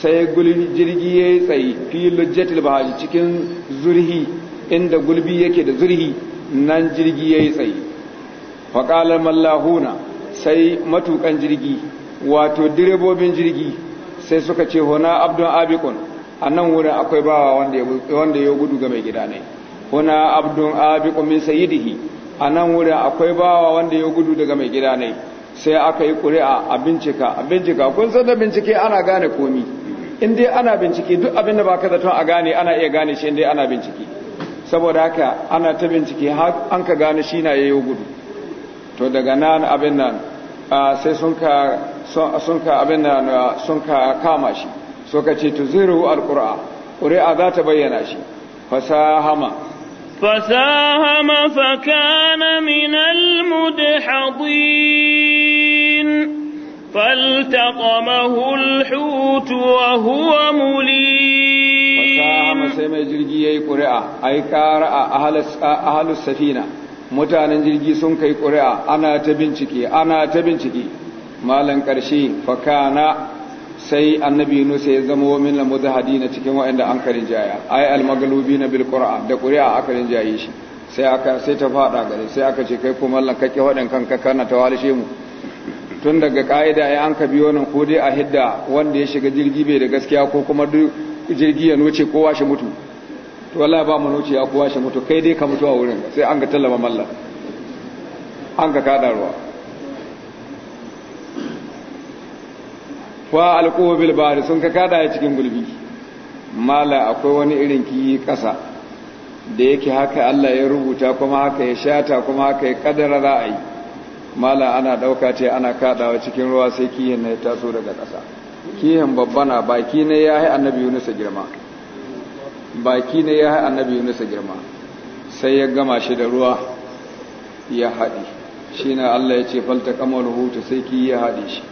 sai gulbi jirgi ya yi tsayi fi lujjatil bahari cikin zurhi inda gulbi yake da zurhi nan jirgi ya yi tsayi fa mallahuna sai matukan jirgi wato direbobin jirgi sai suka ce hona abdun abikun a nan wurin akwai bawa wanda ya gudu ga mai gida ne huna abdun abiqu min sayyidihi anan wurin akwai bawa wanda ya gudu daga mai gida ne sai aka yi ƙuri'a a bincika a bincika kun san da bincike ana gane komi in dai ana bincike duk abin da ba ka zaton a gane ana iya gane shi in dai ana bincike saboda haka ana ta bincike har an ka gane shi na yayo gudu to daga nan abin nan sai sun ka abin nan sun ka kama shi so ka ce tuziru alqur'a ƙuri'a za ta bayyana shi fasahama فساهم فكان من المدحضين فالتقمه الحوت وهو مليم فساهم سيما jirgi yayi ƙuri'a ai qara'a ahlus safina mutanen jirgi sun kai ƙuri'a ana ta bincike ana ta bincike malan ƙarshe fakana sai annabi Yunus ya zama wa min na cikin wa'anda an karin jaya ay na bil qur'a da qur'a aka jaye shi sai aka sai ta fada gare sai aka ce kai kuma mallakake waɗan kanka kana tawalishe mu tun daga ka'ida ya an ka biyo ko dai a hidda wanda ya shiga jirgi bai da gaskiya ko kuma duk jirgi ya noce kowa shi mutu to wallahi ba mu noce ya kowa shi mutu kai dai ka mutu a wurin sai an ga tallaba mallan an ga kada ruwa wa alƙuhu bil bahri sun ka kada ya cikin gulbi mala akwai wani irin kiyi ƙasa da yake haka Allah ya rubuta kuma haka ya shata kuma haka ya kaddara ra'ayi mala ana dauka ce ana kadawa cikin ruwa sai kiyin ne ya taso daga ƙasa kiyin babbana baki ne ya yi annabi Yunus girma baki ne ya yi annabi Yunus girma sai ya gama shi da ruwa ya haɗi shi na Allah ya ce falta kamar hutu sai kiyi ya haɗe shi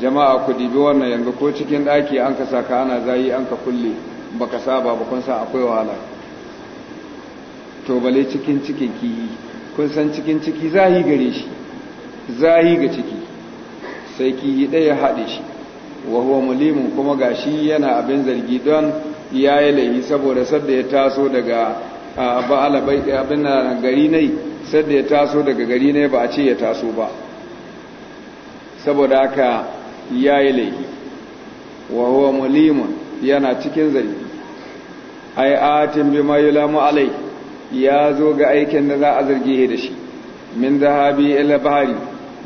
jama'a ku dibi wannan yanzu ko cikin ɗaki an ka saka ana zayi an ka kulle baka saba ba kun san akwai wahala to bale cikin cikin kiyi kun san cikin ciki zahi gare shi zahi ga ciki sai kiyi ɗaya haɗe shi wa huwa mulimin kuma gashi yana abin zargi don ya yi laifi saboda sadda ya taso daga ba'ala bai abin gari nai sadda ya taso daga gari nai ba a ce ya taso ba saboda haka ya yi laifi wa huwa mulimun yana cikin zargi ai atin bi ma lamu alai ya zo ga aikin da za a zargi da shi min zahabi ila bahari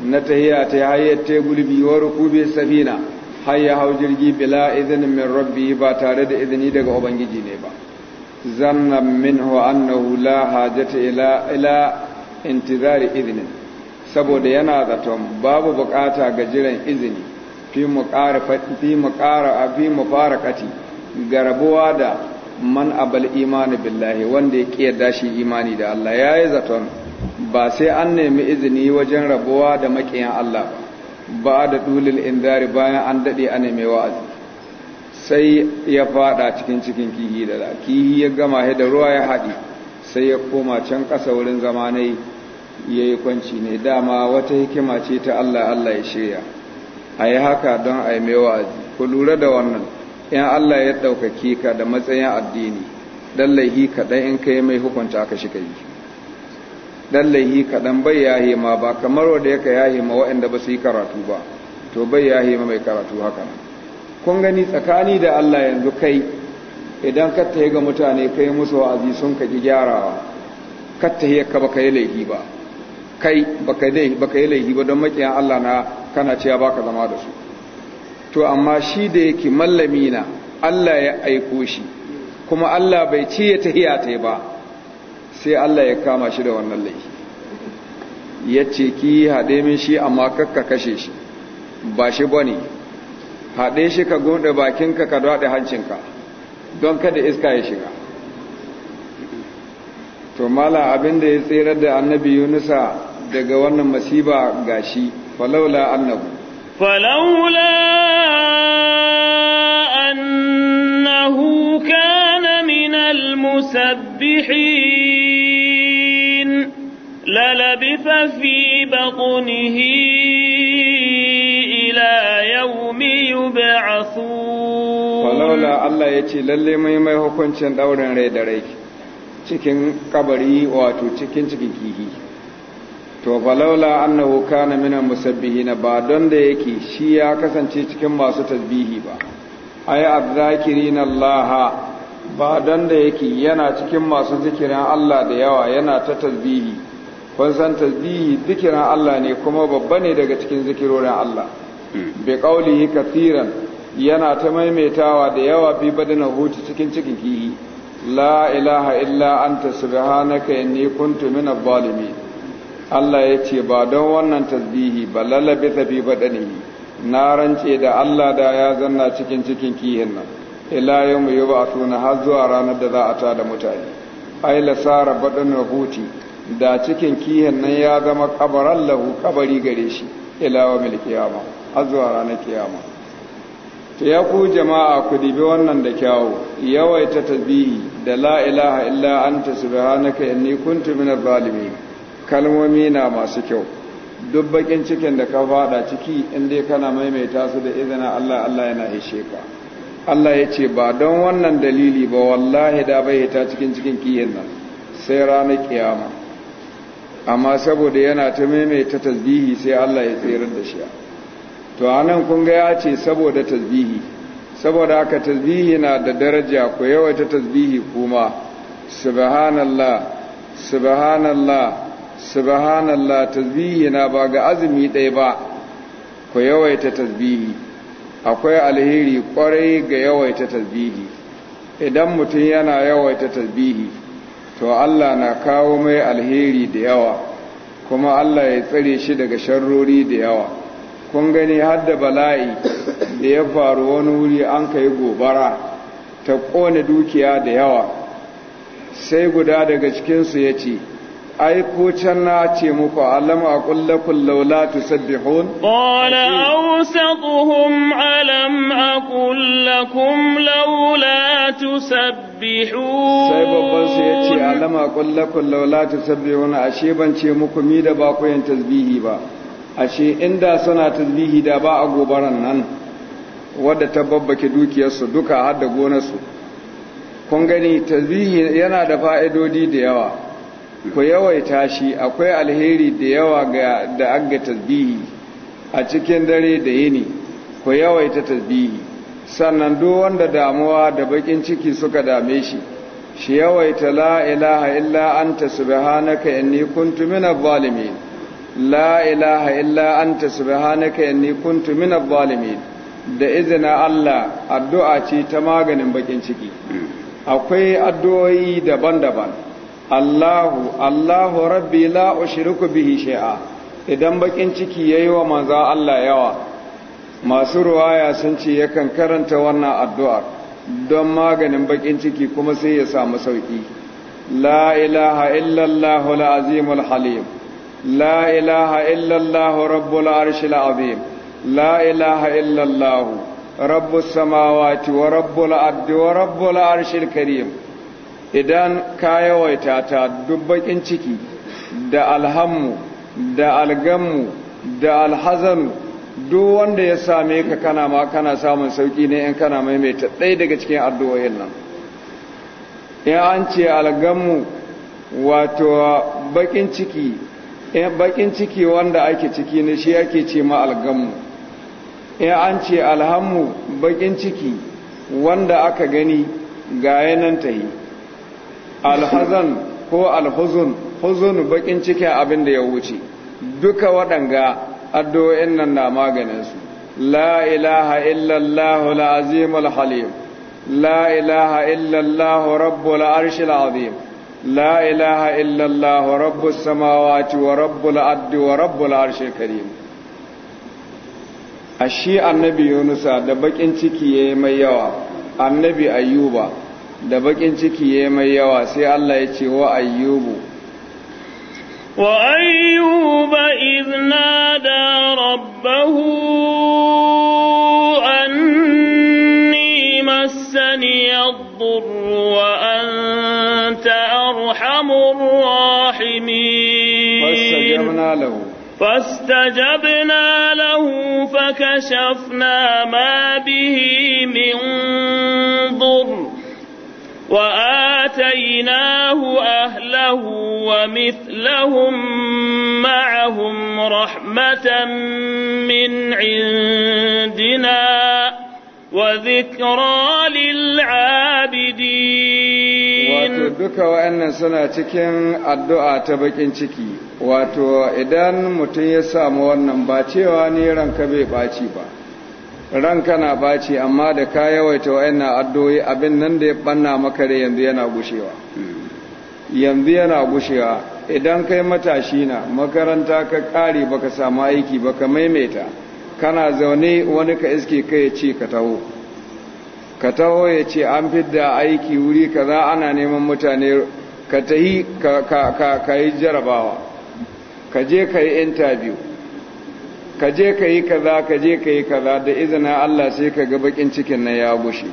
na tahiya ta hayyar tegulbi wa rukubi safina har ya hau jirgi bila izinin min rabbi ba tare da izini daga ubangiji ne ba zannan minhu annahu la hajata ila ila intizari izinin saboda yana zaton babu bukata ga jiran izini fi ga garabuwa da man abal imani billahi wanda ya ƙiyar shi imani da Allah ya yi zaton ba sai an nemi izini wajen rabuwa da maƙiyan Allah ba da dulil indari bayan an daɗe a nemi wa'azi sai ya faɗa cikin cikin kihi da da kihi ya gama ya da ruwa ya haɗi sai ya koma can ƙasa wurin zamanai ya yi kwanci ne dama wata hikima ce ta Allah Allah ya shirya a yi haka don a yi mai wa'azi ku lura da wannan in Allah ya ɗaukaki ka da matsayin addini don laihi kaɗan in ka yi mai hukunta aka shi ka yi don laihi kaɗan bai yahe ma ba kamar wanda ya ka yahe ma waɗanda ba su yi karatu ba to bai yahe ma mai karatu haka nan kun gani tsakani da Allah yanzu kai idan ka taye ga mutane kai musu wa'azi sun ka ki gyarawa ka taye ka yi laihi ba kai ka yi laihi ba don makiyan Allah na kana cewa baka zama da su to amma shi da yake mallami na Allah ya aiko shi kuma Allah bai ce ya tahiya ta ba sai Allah ya kama shi da wannan laifi ya ce ki haɗe min shi amma kakka kashe shi ba shi bane haɗe shi ka gode bakinka ka daɗe hancinka don kada iska ya shiga to mala abin da ya tsirar da annabi yunusa daga wannan masiba gashi falaula annahu falaula annahu kana min al-musabbihin lalabitha fi batnihi ila yawmi yub'athun falaula Allah yace lalle mai mai hukuncin daurin rai rai cikin kabari wato cikin cikin to falaula annahu kana mina musabbihin ba don da yake shi ya kasance cikin masu tasbihi ba ay azzakirin Allah ba don da yake yana cikin masu zikirin Allah da yawa yana ta tasbihi kun san tasbihi zikirin Allah ne kuma babba ne daga cikin zikirorin Allah bi qaulihi kathiran yana ta maimaitawa da yawa bi badana huti cikin cikin kihi la ilaha illa anta subhanaka inni kuntu minadh dhalimin Allah ya ce ba don wannan tasbihi ba lalabe tafi baɗanihi na rance da Allah da ya zanna cikin cikin kihin nan ila yau mai yi ba a suna har zuwa ranar da za a ta da mutane ai lasara baɗin rahuti da cikin kihin nan ya zama kabaran lahu kabari gare shi ila wa mil kiyama har zuwa ranar kiyama to ya ku jama'a ku dibi wannan da kyawu yawaita tasbihi da la ilaha illa anta subhanaka inni kuntu minaz zalimin kalmomi na masu kyau duk bakin cikin da ka fada ciki in inda kana maimaita su da izina Allah Allah yana ishe ka Allah ya ce ba don wannan dalili ba wallahi da bai hita cikin cikin kiyin nan sai ranar kiyama amma saboda yana ta maimaita tasbihi sai Allah ya tsirar da shi to anan kun ga ya ce saboda tasbihi saboda haka tasbihi na da daraja ku ta tasbihi kuma subhanallah subhanallah subhanallah tasbihi na ba ga azumi ɗaya ba ku yawaita tasbihi akwai alheri ƙwarai ga yawaita tasbihi idan mutum yana yawaita tasbihi to Allah na kawo mai alheri da yawa kuma Allah ya tsare shi daga sharrori da yawa kun gani har da bala'i da ya faru wani wuri an kai gobara ta ƙone dukiya da yawa sai guda daga cikinsu ya ce Aiko can na ce muku alam a kullakun laula tusabbihun qala awsatuhum alam akullakum laula tusabbihun sai babban su ce alam a kullakun laula tusabbihun ashe ban ce muku mi da ba yin tasbihi ba ashe inda suna tasbihi da ba a gobaran nan wadda ta babbake dukiyarsu duka har da gonarsu kun gani tasbihi yana da fa'idodi da yawa ku yawaita shi akwai alheri da yawa ga da aga tasbihi a cikin dare da yini ku yawaita tasbihi sannan duk wanda damuwa da bakin ciki suka dame shi shi yawaita la ilaha illa anta subhanaka inni kuntu minadh zalimin la ilaha illa anta subhanaka inni kuntu minadh zalimin da izina Allah addu'a ce ta maganin bakin ciki hmm. akwai addu'o'i daban-daban الله الله ربي لا ushriku bihi شيئا idan bakin ciki yayi wa manzo Allah yawa masu ruwaya sun ce yakan karanta wannan addu'a don maganin bakin ciki kuma sai ya samu sauki la ilaha illallah al-azimul halim la ilaha illallah rabbul arshil azim la ilaha illallah rabbus samawati wa rabbul ardi wa rabbul arshil karim idan ka yawaita ta dubbakin ciki da alhammu da algammu da alhazanu duk wanda ya same ka kana ma kana samun sauki ne in kana maimaita ɗaya daga cikin addu'o'in nan in an ce algammu wato bakin ciki bakin ciki wanda ake ciki ne shi ake ce ma algammu in an ce alhammu bakin ciki wanda aka gani ga yanan tahi alhazan ko alhuzun huzun bakin ciki abin da ya wuce duka waɗanga addu'o'in nan na maganinsu la ilaha illallah al'azim al la ilaha illallah rabbul arshil azim la ilaha illallah rabbus samawati wa rabbul addi wa rabbul arshil karim ashe annabi yunusa da bakin ciki yayi mai yawa annabi ayyuba da bakin ciki ya mai yawa sai Allah ya ce wa ayyubu wa ayyuba izna da rabbahu anni massani yadur wa anta arhamur rahimin fastajabna lahu فاستجبنا له فكشفنا ما به من ضر وآتيناه أهله ومثلهم معهم رحمة من عندنا وذكرى للعابدين wato duka wa'annan suna cikin addu'a ta bakin ciki wato idan mutum ya samu wannan ba cewa ne ranka bai ɓaci ba ranka na baci amma da ka yawaita wayannan addu'o'i abin nan da ya banna maka da yanzu yana gushewa yanzu yana gushewa idan kai matashi na makaranta ka kare baka samu aiki baka maimaita kana zaune wani ka iske kai ce ka taho ka taho ya ce an fidda aiki wuri kaza ana neman mutane ka tahi ka yi jarabawa ka je ka yi interview ka je ka yi kaza ka je ka yi kaza da izina Allah sai ka ga bakin cikin na ya gushe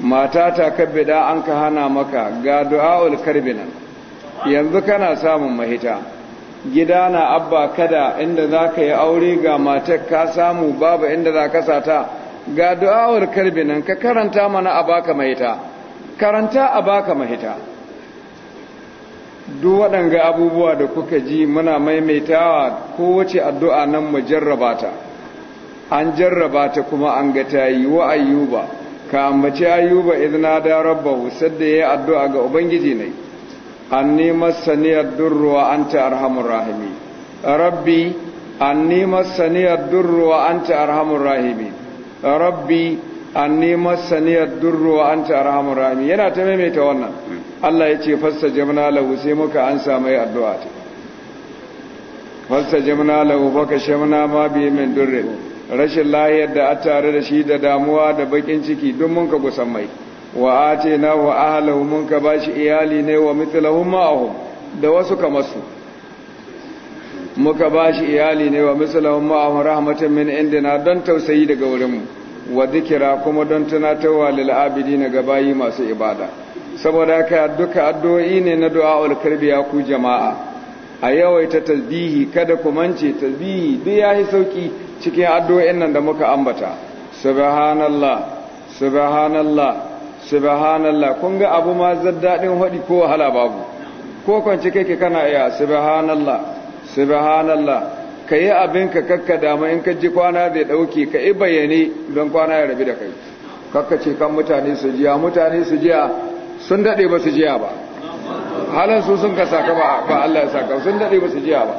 mata ta kabbida an ka hana maka ga du'a'ul nan. yanzu kana samun mahita gida na abba kada inda za ka yi aure ga matar ka samu babu inda za ka sata ga du'a'ul nan ka karanta mana a baka mahita karanta a baka mahita duk waɗanga abubuwa da kuka ji muna maimaitawa kowace addu'a nan mu jarraba ta an jarraba ta kuma an ga ta yi wa ayyuba ka ambaci ayyuba izina da rabbahu sadda yayi addu'a ga ubangiji ne An nema saniyar durruwa an ta arhamun rahimi rabbi nema saniyar durruwa an ta arhamun rahimi rabbi nema saniyar durruwa an ta arhamun rahimi yana ta maimaita wannan Allah ya ce fassa jamna lahu sai muka ansa mai addu'a ta fassa jamna lahu baka shamna ma bi min durri rashin lahiyar da a tare da shi da damuwa da bakin ciki duk mun ka gusan mai wa na wa ahlahu mun ka bashi iyali ne wa mithlahum ma'ahum da wasu kamar su muka bashi iyali ne wa mithlahum ma'ahum rahmatan min indina don tausayi daga wurinmu wa zikira kuma don tunatarwa lil na ga bayi masu ibada saboda haka duka addu'o'i ne na du'a'ul karbi ya ku jama'a a yawaita tasbihi kada ku mance tasbihi duk yayi sauki cikin addu'o'in nan da muka ambata subhanallah subhanallah subhanallah kun ga abu ma zaddadin hadi ko wahala babu ko kwance kake kana iya subhanallah subhanallah kayi ka kakka dama in ka ji kwana zai dauke ka yi bayyane don kwana ya rabi da kai kakka ce kan mutane su jiya mutane su jiya sun dade ba su jiya ba halin su sun ka ba Allah ya saka sun dade ba su jiya ba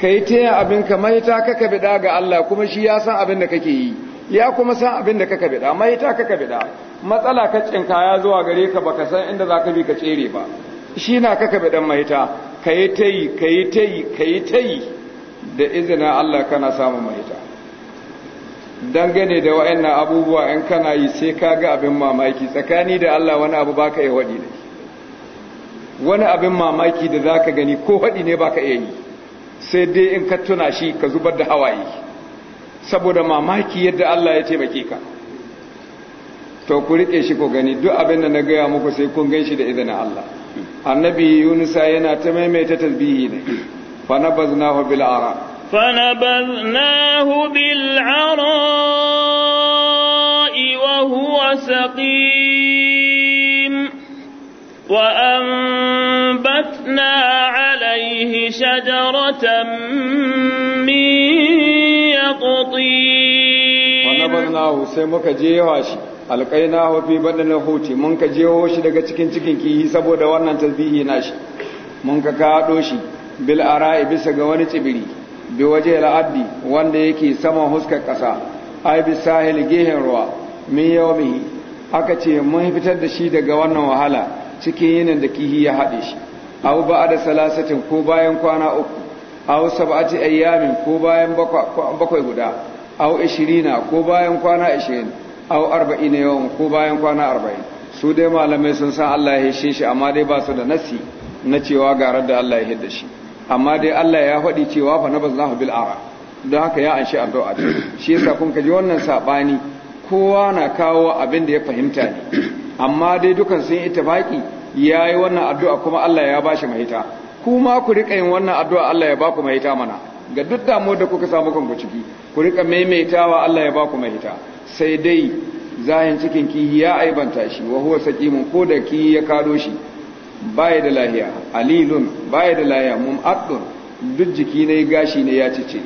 kai taya abin ka maita kaka bida ga Allah kuma shi ya san abin da kake yi ya kuma san abin da kaka bida maita kaka biɗa. matsala ka cinka ya zuwa gare ka baka san inda zaka bi ka tsere ba shi na kaka biɗan maita kai tayi kai tayi kai tayi da izinin Allah kana samun maita dangane da wa'annan abubuwa in kana yi sai ka ga abin mamaki tsakani da Allah wani abu baka iya waɗi ne wani abin mamaki da zaka gani ko waɗi ne baka iya yi sai dai in ka tuna shi ka zubar da hawaye saboda mamaki yadda Allah ya taimake ka to ku rike shi ku gani duk abin da na gaya muku sai kun gan shi da izinin Allah annabi yunusa yana ta maimaita tasbihi ne fa nabaznahu bil ara فنبذناه بالعراء وهو سقيم وأنبتنا عليه شجرة من يقطين فنبذناه سيمك جيواشي alƙaina fi baɗin huti mun ka jeho shi daga cikin cikin kihi saboda wannan tasbihi nashi mun ka kaɗo shi bil ara'i bisa ga wani tsibiri bi waje al'addi wanda yake saman huskar ƙasa ai bi sahil gehen ruwa min yawmihi aka ce mun fitar da shi daga wannan wahala cikin yinin da kihi ya haɗe shi au ba'da salasatin ko bayan kwana uku au sab'ati ayyamin ko bayan bakwai guda au 20 ko bayan kwana 20 au 40 yawan ko bayan kwana 40 su dai malamai sun san Allah ya hishe shi amma dai ba su da nasi na cewa garar da Allah ya hidda shi amma dai Allah ya faɗi cewa fa lahu bil ara don haka ya anshi addu'a shi yasa kun kaji wannan sabani kowa na kawo abin da ya fahimta ne amma dai dukan sun tabaki yayi wannan addu'a kuma Allah ya bashi mahita kuma ku rika yin wannan addu'a Allah ya baku mahita mana ga duk damu da kuka samu kanku ciki ku rika maimaitawa Allah ya baku mahita sai dai zahin cikin ki ya aibanta shi wa huwa saqimun ko da ki ya kado shi baya da lahiya alilun baya da lahiya mum'addun duk jiki ne gashi ne ya cice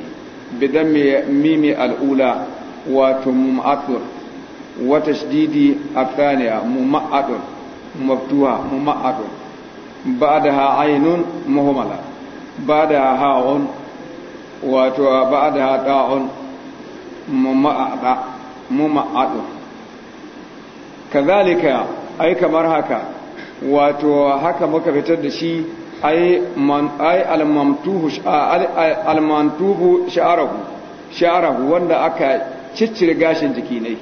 bidan mimi al'ula wato mum'addun wa tashdidi athaniya mum'addun maftuha mum'addun ba'daha aynun muhmala ba'daha ha'un wato ba'daha ta'un mum'adda mum'addun kazalika ai kamar haka wato haka muka fitar da shi ai almantubu sha'arahu wanda aka ciccire gashin jiki ne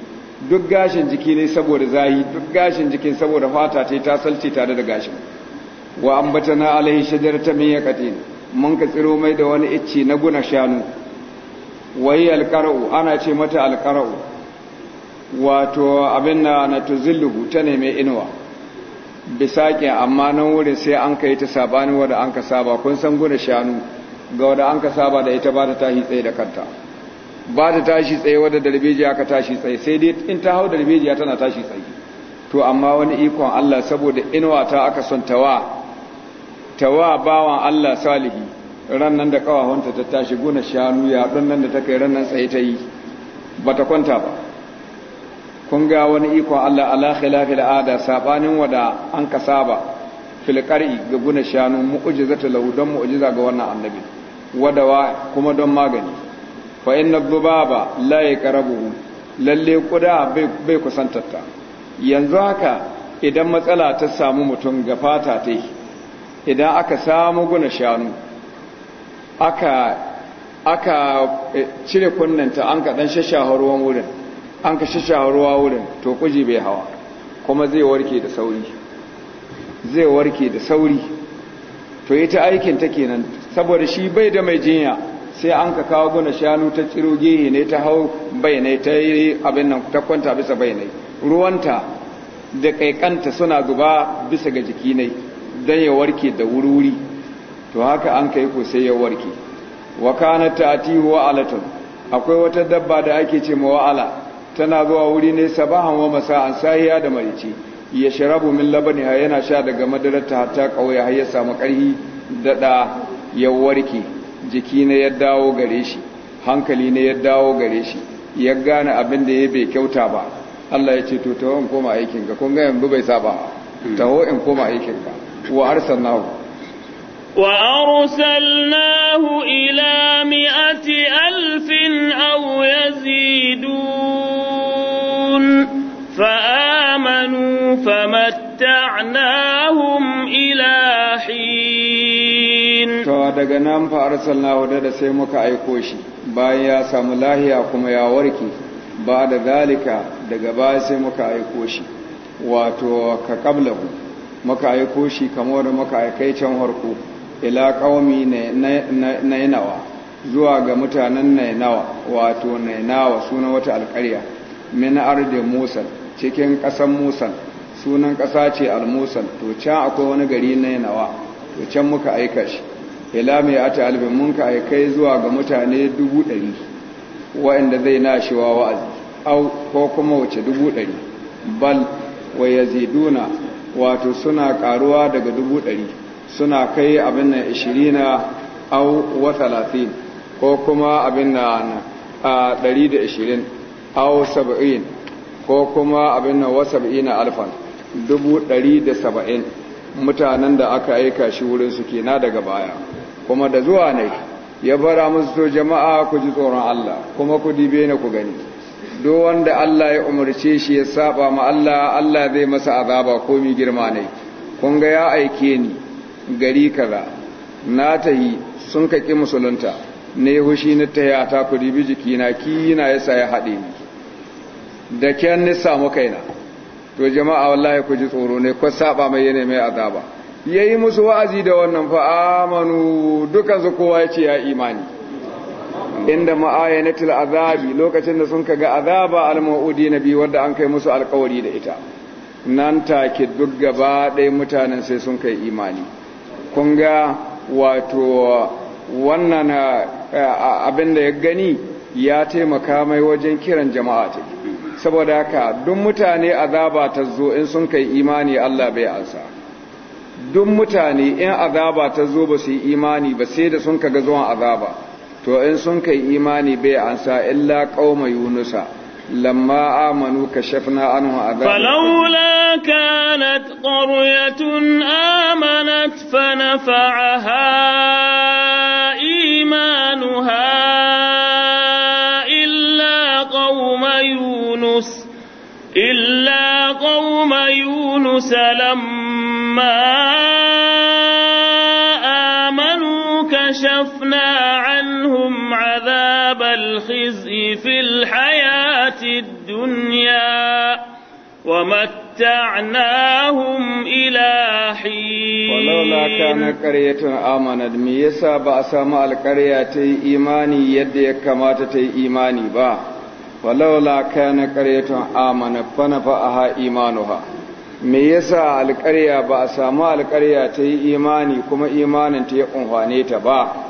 duk gashin jiki ne saboda zahi duk gashin jikin saboda fata ce ta salce tare da gashin wa ambatana alaihi shajarata min yakatin mun ka tsiro mai da wani icce na guna shanu wai alqara'u ana ce mata alqara'u wato abin na tuzilluhu ta ne mai inuwa bisaƙin amma nan wurin sai an ka yi ta sabanin wadda an ka saba kun san gudu shanu ga wadda an ka saba da ita ba ta tashi tsaye da kanta ba ta tashi tsaye wadda darbejiya aka tashi tsaye sai dai in ta hau darbejiya tana tashi tsaye to amma wani ikon Allah saboda inuwa ta aka son tawa tawa bawan Allah salihi ran nan da kawahonta ta tashi guna shanu ya nan da ta kai ran nan tsaye ta yi ba ta kwanta ba kun ga wani iko Allah ala khilafi al'ada sabanin wada an ka saba fil ga guna shanu mu'jizatu lahu don mu'jiza ga wannan annabi wadawa kuma don magani fa inna dhubaba la yaqrabu lalle kuda bai bai kusantarta yanzu haka idan matsala ta samu mutum ga fata ta idan aka samu guna shanu aka aka eh, cire kunnanta an ka dan shashahar ruwan wurin an ka shi ruwa wurin to kuji bai hawa kuma zai warke da sauri zai warke da sauri to ita aikin ta kenan saboda shi bai da mai jinya sai an ka kawo guna shanu ta tsiro gehe ne ta hau bai ta yi abin nan ta kwanta bisa bai ruwanta da kaikanta suna zuba bisa ga jiki ne don ya warke da wuri to haka an kai ko sai ya warke wa ta atihu akwai wata dabba da ake ce ma wa'ala tana zuwa wuri ne sabahan wa masa'an sahiya da marici ya sharabu min ha yana sha daga ta hatta kauye har ya samu karhi da da ya warke jiki ne ya dawo gare shi hankali ne ya dawo gare shi ya gane abin da ya bai kyauta ba Allah ya ce to taho in koma aikin ka kun ga yanzu bai saba hmm. taho in koma aikin ka wa arsalnahu wa arsalnahu ila mi'ati alfin aw yazidun فآمنوا فمتعناهم إلى حين to daga nan fa arsalnahu da sai muka aiko shi bayan ya samu lahiya kuma ya warke ba da zalika daga baya sai muka aiko shi wato ka kabla muka aiko shi kamar da muka aikai can harko ila qaumi na yanawa zuwa ga mutanen nainawa wato nainawa sunan wata alƙarya min arde musa cikin ƙasan musan sunan ƙasa ce al-musan to can akwai wani gari na yanawa to can muka aika shi ila mai ata albin mun ka aikai zuwa ga mutane dubu ɗari waɗanda zai na shi wa wa'azi au ko kuma wace dubu ɗari bal wa ziduna wato suna ƙaruwa daga dubu ɗari suna kai abin na ishirina au wa talatin ko kuma abin na ɗari da ishirin au saba'in ko kuma abin nan ina alfan dubu ɗari da saba'in mutanen da aka aika shi wurin su kena daga baya kuma da zuwa ne ya bara musu to jama'a ku ji tsoron Allah kuma ku dibe ni ku gani do wanda Allah ya umarce shi ya saba ma Allah Allah zai masa azaba ko mi girma ne kun ga ya aike ni gari kaza na tahi sun kaki musulunta ne hushi na ta ku dibi jikina kina yasa ya haɗe ni da kyan nisa samu to jama'a wallahi ku ji tsoro ne ku saba mai yene mai azaba yayi musu wa'azi da wannan fa amanu dukan su kowa yace ya imani inda ma'ayanatul azabi lokacin da sun kaga azaba al na nabi wanda an kai musu alƙawari da ita nan take duk gaba ɗaya mutanen sai sun kai imani kun ga wato wannan eh, abin da ya gani ya taimaka mai wajen kiran jama'a take saboda haka duk mutane azaba ta zo in sun kai imani Allah bai ansa duk mutane in azaba ta zo ba su yi imani ba sai da sun kaga zuwan azaba to in sun kai imani bai ansa illa qauma yunusa lamma amanu kashafna anhu azaba falawla kanat qaryatun amanat fa imanuha قوم يونس لما آمنوا كشفنا عنهم عذاب الخزي في الحياة الدنيا ومتعناهم إلى حين ولولا كان قرية آمنت ميسا بأسامة القرية تي إيماني يدي كما تي إيماني با walaula kana qaryatun amana fa nafa'aha imanuha me yasa alƙarya ba a samu alƙarya ta yi imani kuma imanin ta ya kunhwane ta ba